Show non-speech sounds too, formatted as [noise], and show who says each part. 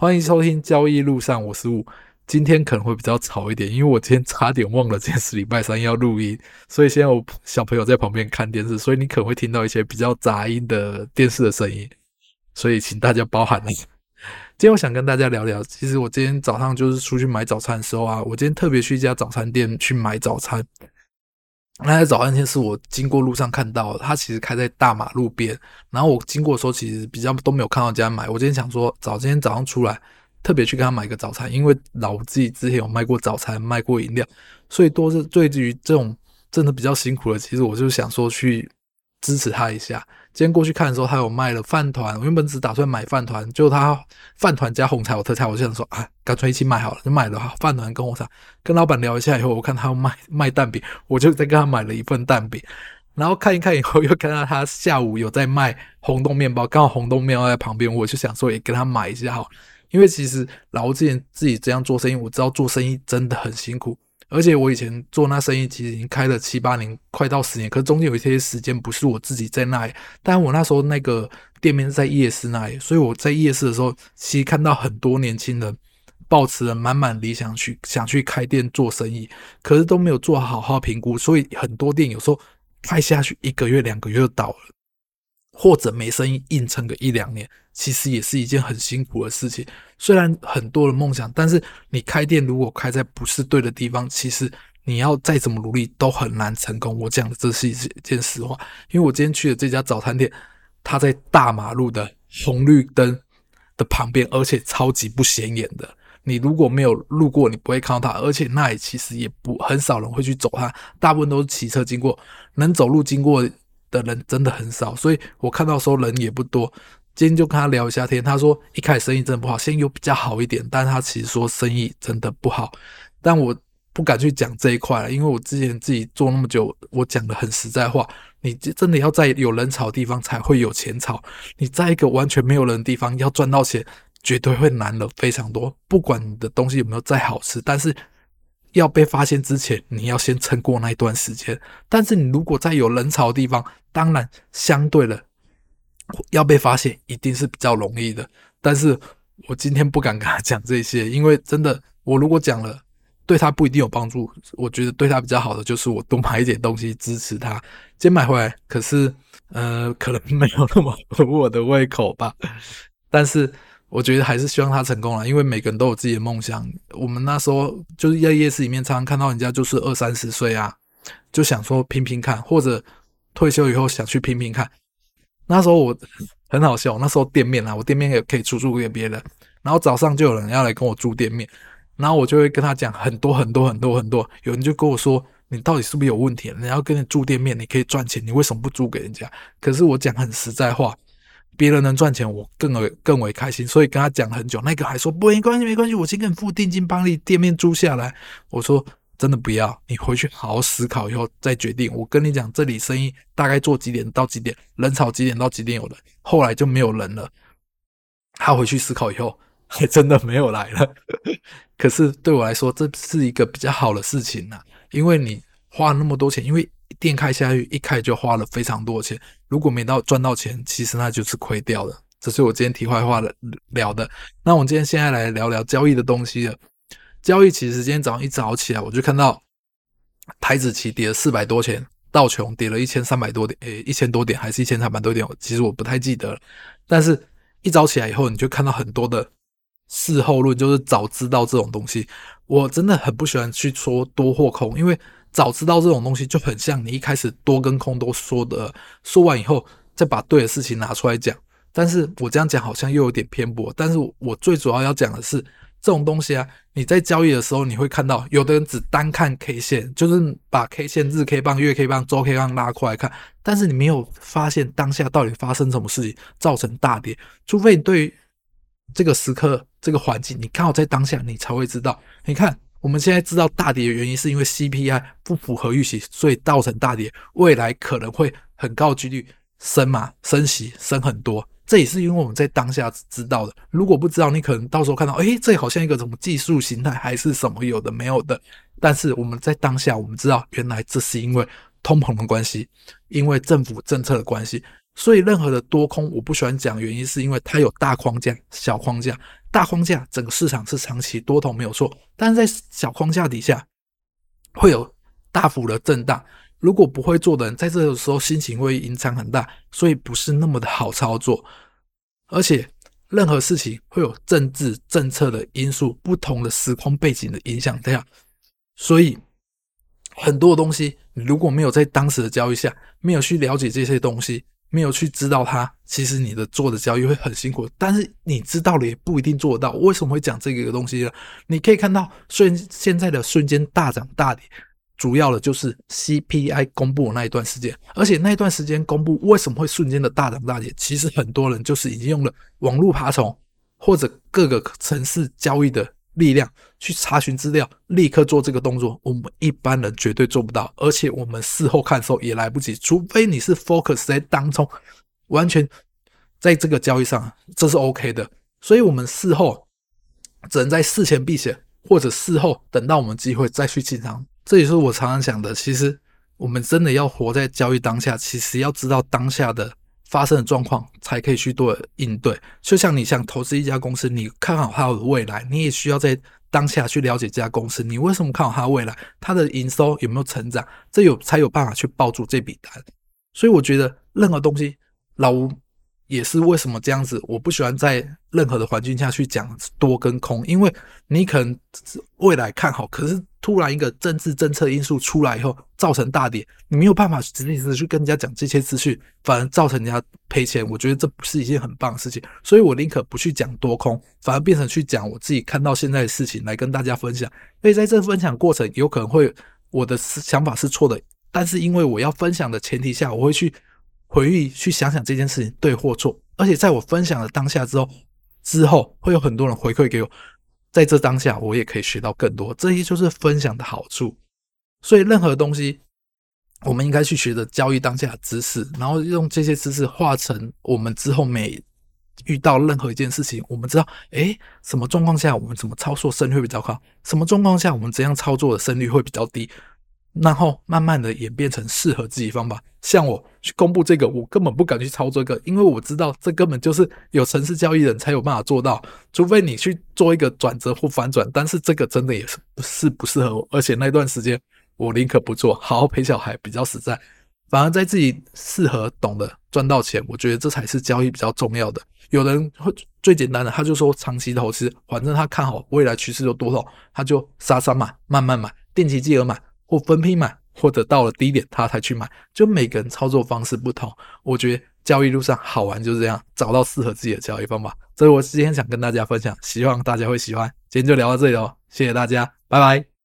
Speaker 1: 歡迎收聽交易路上，我是五。今天可能會比較吵一點，因為我今天差點忘了今天是禮拜三要錄音，所以現在我小朋友在旁邊看電視，所以你可能會聽到一些比較雜音的電視的聲音，所以請大家包涵。今天我想跟大家聊聊，其實我今天早上就是出去買早餐的時候啊，我今天特別去一家早餐店去買早餐。那在、個、早餐店是我經過路上看到，他其實開在大馬路邊，然後我經過的時候其實比較都沒有看到家買。我今天想說，早今天早上出來，特別去給他買一個早餐，因為老自己之前有賣過早餐，賣過飲料，所以多是對於這種真的比較辛苦的，其實我就想說去。支持他一下。今天過去看的時候，他有賣了飯糰。我原本只打算買飯糰，就他飯糰加紅茶我特菜，我就想說啊，乾脆一起買好了，就買了飯糰跟紅茶。跟老板聊一下以後，我看他賣賣蛋餅，我就再跟他買了一份蛋餅。然後看一看以後，又看到他下午有在賣紅豆麵包，剛好紅豆麵包在旁邊，我就想說也跟他買一下哈。因為其實老之前自己這樣做生意，我知道做生意真的很辛苦。而且我以前做那生意，其實已經開了七八年，快到十年。可是中間有一些時間不是我自己在那裡，但我那時候那個店面是在夜市那裡，所以我在夜市的時候，其實看到很多年輕人抱持了滿滿理想去，想去開店做生意，可是都沒有做好好評估，所以很多店有時候開下去一個月、兩個月就倒了。或者沒生意，硬撐個一兩年，其實也是一件很辛苦的事情。雖然很多的夢想，但是你開店如果開在不是對的地方，其實你要再怎麼努力都很難成功。我講的這是一件實話，因為我今天去的這家早餐店，它在大馬路的紅綠燈的旁邊，而且超級不顯眼的。你如果沒有路過，你不會看到它。而且那裡其實也不很少人會去走它，大部分都是騎車經過，能走路經過。的人真的很少，所以我看到的時候人也不多。今天就跟他聊一下天，他說一開始生意真的不好，現在又比較好一點，但他其實說生意真的不好。但我不敢去講這一塊了，因為我之前自己做那麼久，我講的很實在話，你真的要在有人潮的地方才會有錢潮。你在一個完全沒有人的地方要賺到錢，絕對會難了非常多。不管你的東西有沒有再好吃，但是。要被發現之前，你要先撐過那一段時間。但是你如果在有人潮的地方，當然相對了，要被發現一定是比較容易的。但是，我今天不敢跟他講這些，因為真的，我如果講了，對他不一定有幫助。我覺得對他比較好的就是，我多買一點東西支持他，先買回來。可是，呃，可能沒有那麼合我的胃口吧。但是。我覺得還是希望他成功了，因為每個人都有自己的夢想。我們那時候就是在夜市裡面，常常看到人家就是二三十歲啊，就想說拼拼看，或者退休以後想去拼拼看。那時候我很好笑，那時候店面啊，我店面也可以出租給別人，然後早上就有人要來跟我租店面，然後我就會跟他講很多很多很多很多。有人就跟我說：“你到底是不是有問題？你要跟你住店面，你可以賺錢，你為什麼不租給人家？”可是我講很實在話。別人能賺錢，我更為更為開心，所以跟他講很久。那個還說不，沒關係，沒關係，我先給你付定金，幫你店面租下來。我說真的不要，你回去好好思考以後再決定。我跟你講，這裡生意大概做幾點到幾點，人少幾點到幾點有人，後來就沒有人了。他回去思考以後，也真的沒有來了。 [laughs] 可是對我來說，這是一個比較好的事情吶、啊，因為你花了那麼多錢，因為。店開下去，一開就花了非常多的錢。如果沒到賺到錢，其實那就是虧掉了。這是我今天題外話的聊的。那我們今天現在來聊聊交易的東西了。交易其實今天早上一早起來，我就看到台指期跌了四百多錢，道瓊跌了一千三百多點，誒、欸，一千多點還是一千三百多點，其實我不太記得了。但是一早起來以後，你就看到很多的事後論，就是早知道這種東西，我真的很不喜歡去說多或空，因為。早知道這種東西就很像你一開始多跟空都說的，說完以後再把對的事情拿出來講。但是我這樣講好像又有點偏頗。但是我最主要要講的是，這種東西啊，你在交易的時候你會看到，有的人只單看 K 線，就是把 K 線日 K 棒、月 K 棒、周 K 棒拉過來看，但是你沒有發現當下到底發生什麼事情造成大跌。除非你對於這個時刻、這個環境，你剛好在當下，你才會知道。你看。我們現在知道大跌的原因是因為 CPI 不符合預期，所以造成大跌。未來可能會很高幾率升嘛，升息升很多。這也是因為我們在當下知道的。如果不知道，你可能到時候看到，誒，這好像一個什麼技術形態還是什麼有的沒有的。但是我們在當下，我們知道原來這是因為通膨的關係，因為政府政策的關係。所以，任何的多空我不喜歡講，原因是因為它有大框架、小框架。大框架整個市場是長期多頭沒有錯，但是在小框架底下會有大幅的震盪。如果不會做的人，在這個時候心情會影響很大，所以不是那麼的好操作。而且，任何事情會有政治、政策的因素、不同的時空背景的影響這樣。所以，很多東西你如果沒有在當時的交易下，沒有去了解這些東西。沒有去知道它，其實你的做的交易會很辛苦。但是你知道了也不一定做得到。為什麼會講這個東西呢？你可以看到，雖然現在的瞬間大漲大跌，主要的就是 CPI 公布那一段時間，而且那一段時間公布，為什麼會瞬間的大漲大跌？其實很多人就是已經用了網絡爬蟲或者各個城市交易的。力量去查詢資料，立刻做這個動作，我們一般人絕對做不到，而且我們事後看時候也來不及，除非你是 focus 在當中，完全在這個交易上，這是 OK 的。所以，我們事後只能在事前避險，或者事後等到我們機會再去進場。這也是我常常講的，其實我們真的要活在交易當下，其實要知道當下的。發生的狀況才可以去多的應對。就像你想投資一家公司，你看好它的未來，你也需要在當下去了解這家公司。你為什麼看好它未來？它的營收有沒有成長？這有才有辦法去抱住這筆單。所以我覺得任何東西，老吳也是為什麼這樣子。我不喜歡在任何的環境下去講多跟空，因為你可能未來看好，可是。突然一個政治政策因素出來以後，造成大跌，你沒有辦法直接直，直去跟人家講這些資訊，反而造成人家賠錢。我覺得這不是一件很棒的事情，所以我寧可不去講多空，反而變成去講我自己看到現在的事情來跟大家分享。所以在這分享過程，有可能會我的想法是錯的，但是因為我要分享的前提下，我會去回憶去想想這件事情對或錯。而且在我分享的當下之後，之後會有很多人回饋給我。在這當下，我也可以學到更多。這些就是分享的好處。所以，任何東西，我們應該去學着交易當下的知識，然後用這些知識化成我們之後每遇到任何一件事情，我們知道，哎、欸，什麼狀況下我們怎麼操作勝率會比較高？什麼狀況下我們怎樣操作的勝率會比較低？然後慢慢的演變成適合自己方法，像我去公布這個，我根本不敢去操作這個，因為我知道這根本就是有城市交易人才有辦法做到，除非你去做一個轉折或反轉，但是這個真的也是是不適合我，而且那段時間我寧可不做，好好陪小孩比較實在，反而在自己適合懂得賺到錢，我覺得這才是交易比較重要的。有人會最簡單的，他就說長期投資，反正他看好未來趨勢有多少，他就殺傷嘛，慢慢買，定期金額買。或分批買，或者到了低點他才去買，就每個人操作方式不同。我覺得交易路上好玩就是這樣，找到適合自己的交易方法。所以我今天想跟大家分享，希望大家會喜歡。今天就聊到這裡哦，謝謝大家，拜拜。